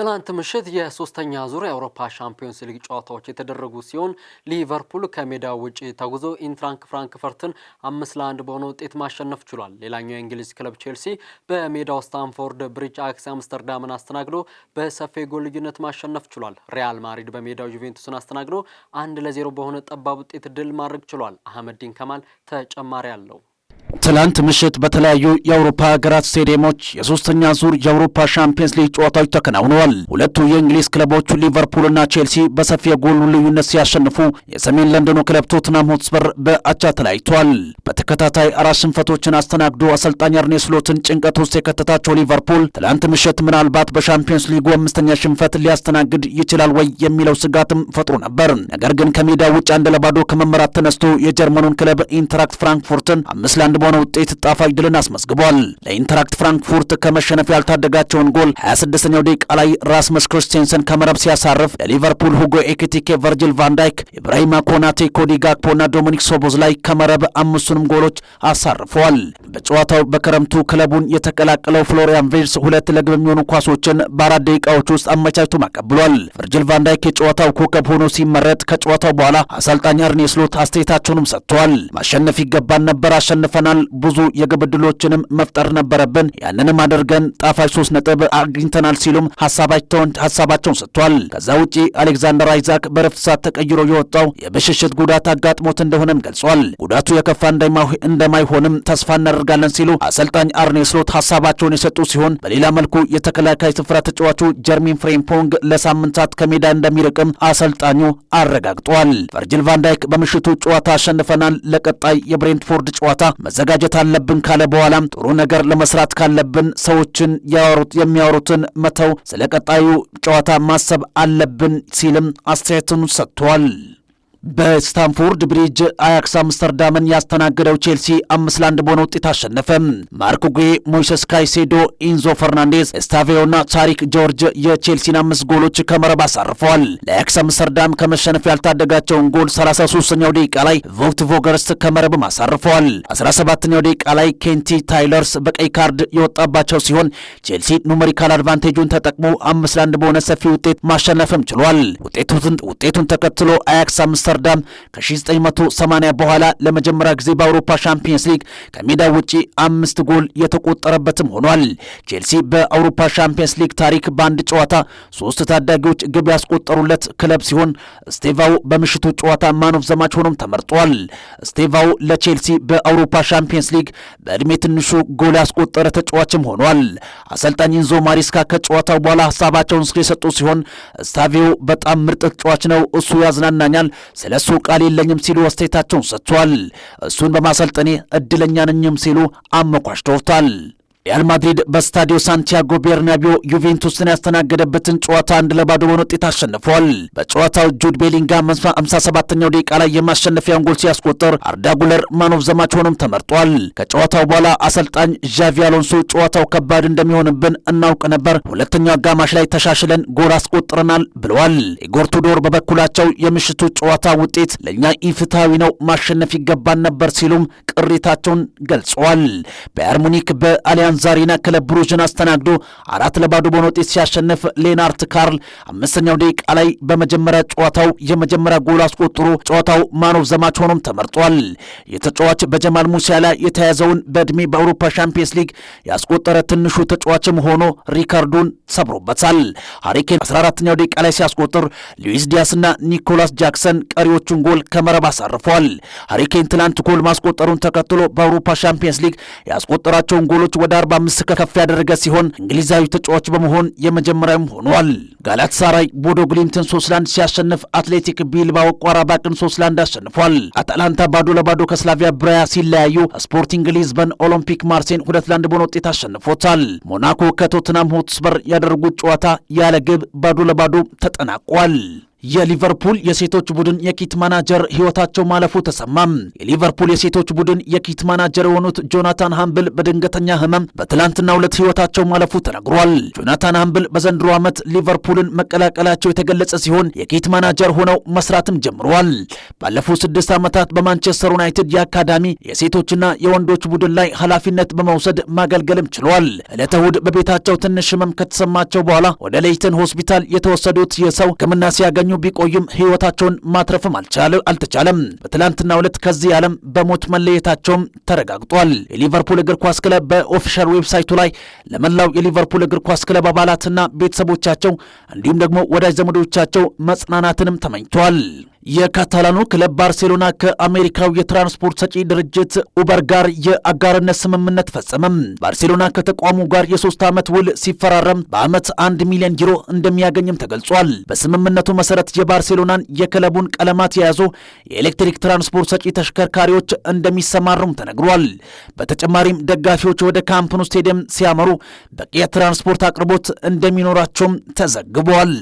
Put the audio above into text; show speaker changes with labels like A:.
A: ትላንት ምሽት የሶስተኛ ዙር የአውሮፓ ሻምፒዮንስ ሊግ ጨዋታዎች የተደረጉ ሲሆን ሊቨርፑል ከሜዳው ውጪ ተጉዞ ኢንትራንክ ፍራንክፈርትን አምስት ለአንድ በሆነ ውጤት ማሸነፍ ችሏል። ሌላኛው የእንግሊዝ ክለብ ቼልሲ በሜዳው ስታንፎርድ ብሪጅ አክሲ አምስተርዳምን አስተናግዶ በሰፊ ጎል ልዩነት ማሸነፍ ችሏል። ሪያል ማድሪድ በሜዳው ዩቬንቱስን አስተናግዶ አንድ ለዜሮ በሆነ ጠባብ ውጤት ድል ማድረግ ችሏል። አህመዲን ከማል ተጨማሪ አለው።
B: ትላንት ምሽት በተለያዩ የአውሮፓ ሀገራት ስቴዲየሞች የሶስተኛ ዙር የአውሮፓ ሻምፒየንስ ሊግ ጨዋታዎች ተከናውነዋል። ሁለቱ የእንግሊዝ ክለቦች ሊቨርፑልና ቼልሲ በሰፊ የጎሉ ልዩነት ሲያሸንፉ፣ የሰሜን ለንደኑ ክለብ ቶትናም ሆትስፐር በአቻ ተለያይቷል። በተከታታይ አራት ሽንፈቶችን አስተናግዶ አሰልጣኝ አርኔ ስሎትን ጭንቀት ውስጥ የከተታቸው ሊቨርፑል ትላንት ምሽት ምናልባት በሻምፒየንስ ሊጉ አምስተኛ ሽንፈት ሊያስተናግድ ይችላል ወይ የሚለው ስጋትም ፈጥሮ ነበር። ነገር ግን ከሜዳ ውጭ አንድ ለባዶ ከመመራት ተነስቶ የጀርመኑን ክለብ ኢንትራክት ፍራንክፉርትን አምስት ለአንድ በሆነ በሆነ ውጤት ጣፋጭ ድልን አስመዝግቧል። ለኢንተራክት ፍራንክፉርት ከመሸነፍ ያልታደጋቸውን ጎል 26ኛው ደቂቃ ላይ ራስመስ ክርስቴንሰን ከመረብ ሲያሳርፍ ለሊቨርፑል ሁጎ ኤኪቲኬ፣ ቨርጅል ቫንዳይክ፣ ኢብራሂማ ኮናቴ፣ ኮዲ ጋክፖ ና ዶሚኒክ ሶቦዝ ላይ ከመረብ አምስቱንም ጎሎች አሳርፈዋል። በጨዋታው በክረምቱ ክለቡን የተቀላቀለው ፍሎሪያን ቬርስ ሁለት ለግብ የሚሆኑ ኳሶችን በአራት ደቂቃዎች ውስጥ አመቻችቶ አቀብሏል። ቨርጅል ቫንዳይክ የጨዋታው ኮከብ ሆኖ ሲመረጥ ከጨዋታው በኋላ አሰልጣኝ አርኔ ስሎት አስተያየታቸውንም ሰጥተዋል። ማሸነፍ ይገባን ነበር፣ አሸንፈናል ብዙ የግብ ዕድሎችንም መፍጠር ነበረብን። ያንንም አድርገን ጣፋጭ ሶስት ነጥብ አግኝተናል ሲሉም ሀሳባቸውን ሰጥቷል። ከዛ ውጪ አሌክዛንደር አይዛክ በረፍት ሰዓት ተቀይሮ የወጣው የብሽሽት ጉዳት አጋጥሞት እንደሆነም ገልጿል። ጉዳቱ የከፋ እንደማይሆንም ተስፋ እናደርጋለን ሲሉ አሰልጣኝ አርኔ ስሎት ሀሳባቸውን የሰጡ ሲሆን በሌላ መልኩ የተከላካይ ስፍራ ተጫዋቹ ጀርሚን ፍሬምፖንግ ለሳምንታት ከሜዳ እንደሚርቅም አሰልጣኙ አረጋግጧል። ቨርጅል ቫንዳይክ በምሽቱ ጨዋታ አሸንፈናል፣ ለቀጣይ የብሬንትፎርድ ጨዋታ መዘጋ መዘጋጀት አለብን ካለ በኋላም ጥሩ ነገር ለመስራት ካለብን ሰዎችን ያወሩት የሚያወሩትን መተው ስለ ቀጣዩ ጨዋታ ማሰብ አለብን ሲልም አስተያየቱን ሰጥቷል። በስታንፎርድ ብሪጅ አያክስ አምስተርዳምን ያስተናገደው ቼልሲ አምስት ለአንድ በሆነ ውጤት አሸነፈ። ማርክ ጉዌ፣ ሞይሰስ ካይሴዶ፣ ኢንዞ ፈርናንዴዝ፣ ና ታሪክ ጆርጅ የቼልሲን አምስት ጎሎች ከመረብ አሳርፈዋል። ለአያክስ አምስተርዳም ከመሸነፍ ያልታደጋቸውን ጎል 33ኛው ደቂቃ ላይ ቮክት ቮገርስ ከመረብም አሳርፈዋል። 17ኛው ደቂቃ ላይ ኬንቲ ታይለርስ በቀይ ካርድ የወጣባቸው ሲሆን ቼልሲ ኑመሪካል አድቫንቴጁን ተጠቅሞ አምስት ለአንድ በሆነ ሰፊ ውጤት ማሸነፍም ችሏል። ውጤቱን ተከትሎ አያክስ አምስተር አምስተርዳም ከ1980 በኋላ ለመጀመሪያ ጊዜ በአውሮፓ ሻምፒየንስ ሊግ ከሜዳ ውጪ አምስት ጎል የተቆጠረበትም ሆኗል። ቼልሲ በአውሮፓ ሻምፒየንስ ሊግ ታሪክ በአንድ ጨዋታ ሶስት ታዳጊዎች ግብ ያስቆጠሩለት ክለብ ሲሆን ስቴቫው በምሽቱ ጨዋታ ማኖፍ ዘማች ሆኖም ተመርጧል። ስቴቫው ለቼልሲ በአውሮፓ ሻምፒየንስ ሊግ በእድሜ ትንሹ ጎል ያስቆጠረ ተጫዋችም ሆኗል። አሰልጣኝ ኢንዞ ማሪስካ ከጨዋታው በኋላ ሀሳባቸውን የሰጡ ሲሆን ስታቪዮ በጣም ምርጥ ተጫዋች ነው፣ እሱ ያዝናናኛል፣ ስለ እሱ ቃል የለኝም ሲሉ አስተያየታቸውን ሰጥቷል። እሱን በማሰልጠኔ እድለኛ ነኝም ሲሉ አመኳሽ አሞካሽተውታል። ሪያል ማድሪድ በስታዲዮ ሳንቲያጎ ቤርናቢዮ ዩቬንቱስን ያስተናገደበትን ጨዋታ አንድ ለባዶ በሆነ ውጤት አሸንፏል። በጨዋታው ጁድ ቤሊንጋም 57ኛው ደቂቃ ላይ የማሸነፊያን ጎል ሲያስቆጠር አርዳ ጉለር ማኖፍ ዘማች ሆኖም ተመርጧል። ከጨዋታው በኋላ አሰልጣኝ ዣቪ አሎንሶ ጨዋታው ከባድ እንደሚሆንብን እናውቅ ነበር፣ ሁለተኛው አጋማሽ ላይ ተሻሽለን ጎል አስቆጥረናል ብለዋል። ኢጎር ቱዶር በበኩላቸው የምሽቱ ጨዋታ ውጤት ለእኛ ኢፍትሐዊ ነው፣ ማሸነፍ ይገባን ነበር ሲሉም ቅሬታቸውን ገልጸዋል። ባየር ሙኒክ በአሊያንስ ዛሬና ክለብ ብሩዥን አስተናግዶ አራት ለባዶ በሆነ ውጤት ሲያሸንፍ ሌናርት ካርል አምስተኛው ደቂቃ ላይ በመጀመሪያ ጨዋታው የመጀመሪያ ጎል አስቆጥሮ ጨዋታው ማኖፍ ዘማች ሆኖም ተመርጧል። የተጫዋች በጀማል ሙሲያላ የተያዘውን በእድሜ በአውሮፓ ሻምፒየንስ ሊግ ያስቆጠረ ትንሹ ተጫዋችም ሆኖ ሪካርዱን ሰብሮበታል። ሀሪኬን 14ኛው ደቂቃ ላይ ሲያስቆጥር ሉዊስ ዲያስና ኒኮላስ ጃክሰን ቀሪዎቹን ጎል ከመረብ አሳርፏል። ሀሪኬን ትናንት ጎል ማስቆጠሩን ተከትሎ በአውሮፓ ሻምፒየንስ ሊግ ያስቆጠራቸውን ጎሎች ወደ አምስት ከፍ ያደረገ ሲሆን እንግሊዛዊ ተጫዋች በመሆን የመጀመሪያም ሆኗል። ጋላትሳራይ ቦዶ ግሊምትን 3 ለአንድ ሲያሸንፍ አትሌቲክ ቢልባኦ ቋራባቅን 3 ለአንድ አሸንፏል። አታላንታ ባዶ ለባዶ ከስላቪያ ብራያ ሲለያዩ ስፖርቲንግ ሊዝበን ኦሎምፒክ ማርሴን 2 ለአንድ በሆነ ውጤት አሸንፎታል። ሞናኮ ከቶትናም ሆትስበር ያደረጉት ጨዋታ ያለ ግብ ባዶ ለባዶ ተጠናቋል። የሊቨርፑል የሴቶች ቡድን የኪት ማናጀር ሕይወታቸው ማለፉ ተሰማም። የሊቨርፑል የሴቶች ቡድን የኪት ማናጀር የሆኑት ጆናታን ሃምብል በድንገተኛ ህመም በትላንትና ሁለት ሕይወታቸው ማለፉ ተነግሯል። ጆናታን ሃምብል በዘንድሮ ዓመት ሊቨርፑልን መቀላቀላቸው የተገለጸ ሲሆን የኪት ማናጀር ሆነው መስራትም ጀምረዋል። ባለፉት ስድስት ዓመታት በማንቸስተር ዩናይትድ የአካዳሚ የሴቶችና የወንዶች ቡድን ላይ ኃላፊነት በመውሰድ ማገልገልም ችሏል። ዕለተ በቤታቸው ትንሽ ህመም ከተሰማቸው በኋላ ወደ ሌይተን ሆስፒታል የተወሰዱት የሰው ህክምና ሲያገኙ ቢቆዩም ህይወታቸውን ማትረፍም አልተቻለም። በትላንትና ዕለት ከዚህ ዓለም በሞት መለየታቸውም ተረጋግጧል። የሊቨርፑል እግር ኳስ ክለብ በኦፊሻል ዌብሳይቱ ላይ ለመላው የሊቨርፑል እግር ኳስ ክለብ አባላትና ቤተሰቦቻቸው እንዲሁም ደግሞ ወዳጅ ዘመዶቻቸው መጽናናትንም ተመኝቷል። የካታላኑ ክለብ ባርሴሎና ከአሜሪካው የትራንስፖርት ሰጪ ድርጅት ኡበር ጋር የአጋርነት ስምምነት ፈጸመም። ባርሴሎና ከተቋሙ ጋር የሶስት ዓመት ውል ሲፈራረም በዓመት አንድ ሚሊዮን ዩሮ እንደሚያገኝም ተገልጿል። በስምምነቱ መሰረት መሰረት የባርሴሎናን የክለቡን ቀለማት የያዙ የኤሌክትሪክ ትራንስፖርት ሰጪ ተሽከርካሪዎች እንደሚሰማሩም ተነግሯል። በተጨማሪም ደጋፊዎች ወደ ካምፕኑ ስቴዲየም ሲያመሩ በቂ የትራንስፖርት አቅርቦት እንደሚኖራቸውም ተዘግቧል።